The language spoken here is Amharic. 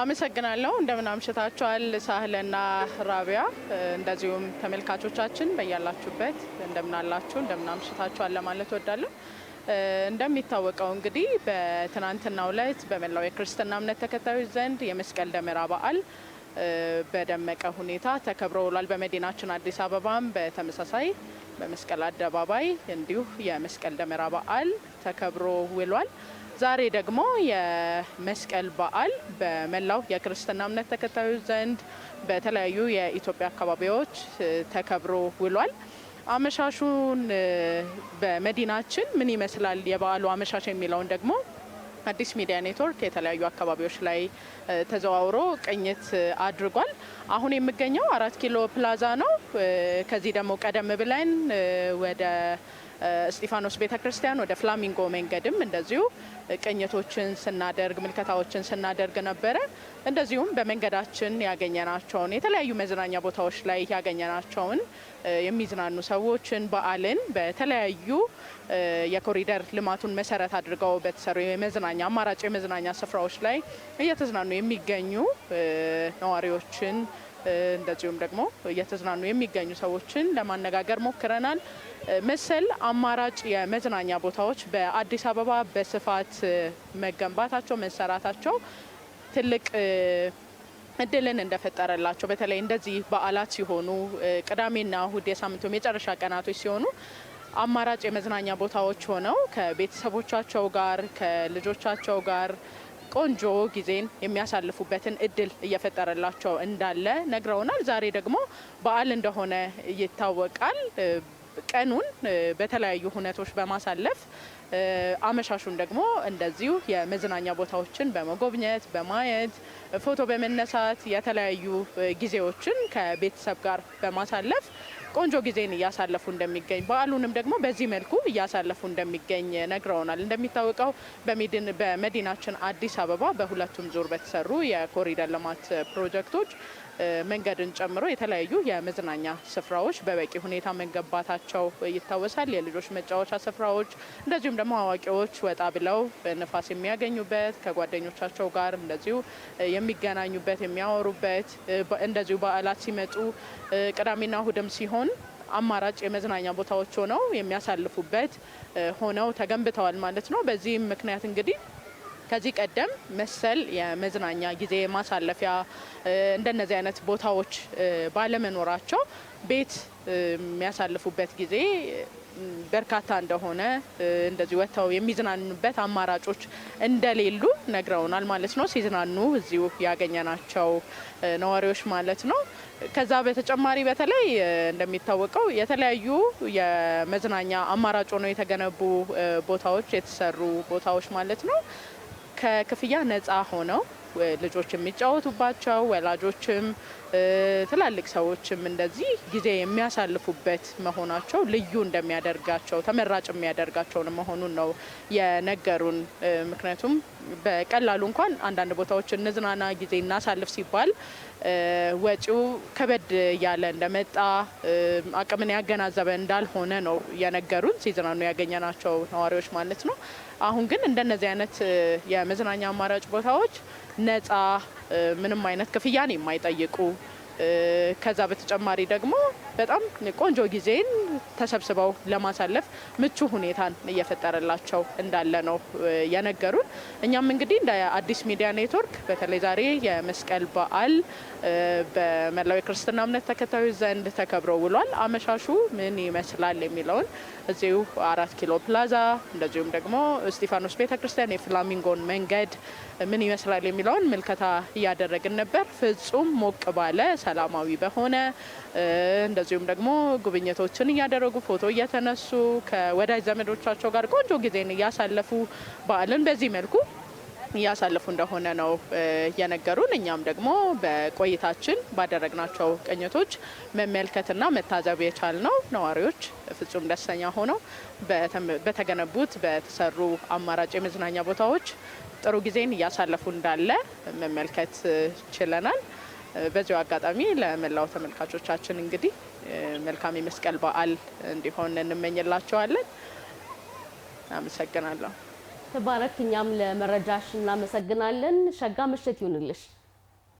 አመሰግናለሁ። እንደምን አምሽታችኋል ሳህለና ራቢያ፣ እንደዚሁም ተመልካቾቻችን በያላችሁበት እንደምን እንደምናምሽታችኋል ለማለት እወዳለሁ። እንደሚታወቀው እንግዲህ በትናንትናው ዕለት በመላው የክርስትና እምነት ተከታዮች ዘንድ የመስቀል ደመራ በዓል በደመቀ ሁኔታ ተከብሮ ውሏል። በመዲናችን አዲስ አበባም በተመሳሳይ በመስቀል አደባባይ እንዲሁ የመስቀል ደመራ በዓል ተከብሮ ውሏል። ዛሬ ደግሞ የመስቀል በዓል በመላው የክርስትና እምነት ተከታዮች ዘንድ በተለያዩ የኢትዮጵያ አካባቢዎች ተከብሮ ውሏል። አመሻሹን በመዲናችን ምን ይመስላል የበዓሉ አመሻሽ የሚለውን ደግሞ አዲስ ሚዲያ ኔትወርክ የተለያዩ አካባቢዎች ላይ ተዘዋውሮ ቅኝት አድርጓል። አሁን የሚገኘው አራት ኪሎ ፕላዛ ነው። ከዚህ ደግሞ ቀደም ብለን ወደ እስጢፋኖስ ቤተክርስቲያን ወደ ፍላሚንጎ መንገድም እንደዚሁ ቅኝቶችን ስናደርግ ምልከታዎችን ስናደርግ ነበረ። እንደዚሁም በመንገዳችን ያገኘናቸውን የተለያዩ መዝናኛ ቦታዎች ላይ ያገኘናቸውን የሚዝናኑ ሰዎችን በዓልን በተለያዩ የኮሪደር ልማቱን መሰረት አድርገው በተሰሩ የመዝናኛ አማራጭ የመዝናኛ ስፍራዎች ላይ እየተዝናኑ የሚገኙ ነዋሪዎችን እንደዚሁም ደግሞ እየተዝናኑ የሚገኙ ሰዎችን ለማነጋገር ሞክረናል። መሰል አማራጭ የመዝናኛ ቦታዎች በአዲስ አበባ በስፋት መገንባታቸው መሰራታቸው ትልቅ እድልን እንደፈጠረላቸው በተለይ እንደዚህ በዓላት ሲሆኑ ቅዳሜና እሁድ የሳምንቱ የመጨረሻ ቀናቶች ሲሆኑ አማራጭ የመዝናኛ ቦታዎች ሆነው ከቤተሰቦቻቸው ጋር ከልጆቻቸው ጋር ቆንጆ ጊዜን የሚያሳልፉበትን እድል እየፈጠረላቸው እንዳለ ነግረውናል። ዛሬ ደግሞ በዓል እንደሆነ ይታወቃል። ቀኑን በተለያዩ ሁነቶች በማሳለፍ አመሻሹን ደግሞ እንደዚሁ የመዝናኛ ቦታዎችን በመጎብኘት በማየት ፎቶ በመነሳት የተለያዩ ጊዜዎችን ከቤተሰብ ጋር በማሳለፍ ቆንጆ ጊዜን እያሳለፉ እንደሚገኝ በዓሉንም ደግሞ በዚህ መልኩ እያሳለፉ እንደሚገኝ ነግረውናል። እንደሚታወቀው በመዲናችን አዲስ አበባ በሁለቱም ዙር በተሰሩ የኮሪደር ልማት ፕሮጀክቶች መንገድን ጨምሮ የተለያዩ የመዝናኛ ስፍራዎች በበቂ ሁኔታ መገንባታቸው ይታወሳል። የልጆች መጫወቻ ስፍራዎች እንደዚሁም ደግሞ አዋቂዎች ወጣ ብለው ንፋስ የሚያገኙበት ከጓደኞቻቸው ጋር እንደዚሁ የሚገናኙበት የሚያወሩበት፣ እንደዚሁ በዓላት ሲመጡ ቅዳሜና እሁድም ሲሆን አማራጭ የመዝናኛ ቦታዎች ሆነው የሚያሳልፉበት ሆነው ተገንብተዋል ማለት ነው። በዚህም ምክንያት እንግዲህ ከዚህ ቀደም መሰል የመዝናኛ ጊዜ ማሳለፊያ እንደነዚህ አይነት ቦታዎች ባለመኖራቸው ቤት የሚያሳልፉበት ጊዜ በርካታ እንደሆነ እንደዚህ ወጥተው የሚዝናኑበት አማራጮች እንደሌሉ ነግረውናል ማለት ነው። ሲዝናኑ እዚሁ ያገኘናቸው ነዋሪዎች ማለት ነው። ከዛ በተጨማሪ በተለይ እንደሚታወቀው የተለያዩ የመዝናኛ አማራጭ ሆነው የተገነቡ ቦታዎች የተሰሩ ቦታዎች ማለት ነው ከክፍያ ነፃ ሆነው ልጆች የሚጫወቱባቸው ወላጆችም ትላልቅ ሰዎችም እንደዚህ ጊዜ የሚያሳልፉበት መሆናቸው ልዩ እንደሚያደርጋቸው ተመራጭ የሚያደርጋቸውን መሆኑን ነው የነገሩን። ምክንያቱም በቀላሉ እንኳን አንዳንድ ቦታዎች እንዝናና፣ ጊዜ እናሳልፍ ሲባል ወጪው ከበድ እያለ እንደመጣ አቅምን ያገናዘበ እንዳልሆነ ነው የነገሩን ሲዝናኑ ያገኘናቸው ነዋሪዎች ማለት ነው። አሁን ግን እንደነዚህ አይነት የመዝናኛ አማራጭ ቦታዎች ነጻ ምንም አይነት ክፍያን የማይጠይቁ ከዛ በተጨማሪ ደግሞ በጣም ቆንጆ ጊዜን ተሰብስበው ለማሳለፍ ምቹ ሁኔታን እየፈጠረላቸው እንዳለ ነው የነገሩን። እኛም እንግዲህ እንደ አዲስ ሚዲያ ኔትወርክ በተለይ ዛሬ የመስቀል በዓል በመላው የክርስትና እምነት ተከታዮች ዘንድ ተከብሮ ውሏል። አመሻሹ ምን ይመስላል የሚለውን እዚሁ አራት ኪሎ ፕላዛ እንደዚሁም ደግሞ እስጢፋኖስ ቤተ ክርስቲያን የፍላሚንጎን መንገድ ምን ይመስላል የሚለውን ምልከታ እያደረግን ነበር። ፍጹም ሞቅ ባለ ሰላማዊ በሆነ እንደዚሁም ደግሞ ጉብኝቶችን እያደረጉ ፎቶ እየተነሱ ከወዳጅ ዘመዶቻቸው ጋር ቆንጆ ጊዜን እያሳለፉ በዓልን በዚህ መልኩ እያሳለፉ እንደሆነ ነው የነገሩን እኛም ደግሞ በቆይታችን ባደረግናቸው ቅኝቶች መመልከትና መታዘብ የቻልነው ነዋሪዎች ፍጹም ደስተኛ ሆነው በተገነቡት በተሰሩ አማራጭ የመዝናኛ ቦታዎች ጥሩ ጊዜን እያሳለፉ እንዳለ መመልከት ችለናል። በዚሁ አጋጣሚ ለመላው ተመልካቾቻችን እንግዲህ መልካም የመስቀል በዓል እንዲሆን እንመኝላቸዋለን። አመሰግናለሁ። ተባረክ። እኛም ለመረጃሽ እናመሰግናለን። ሸጋ ምሽት ይሁንልሽ።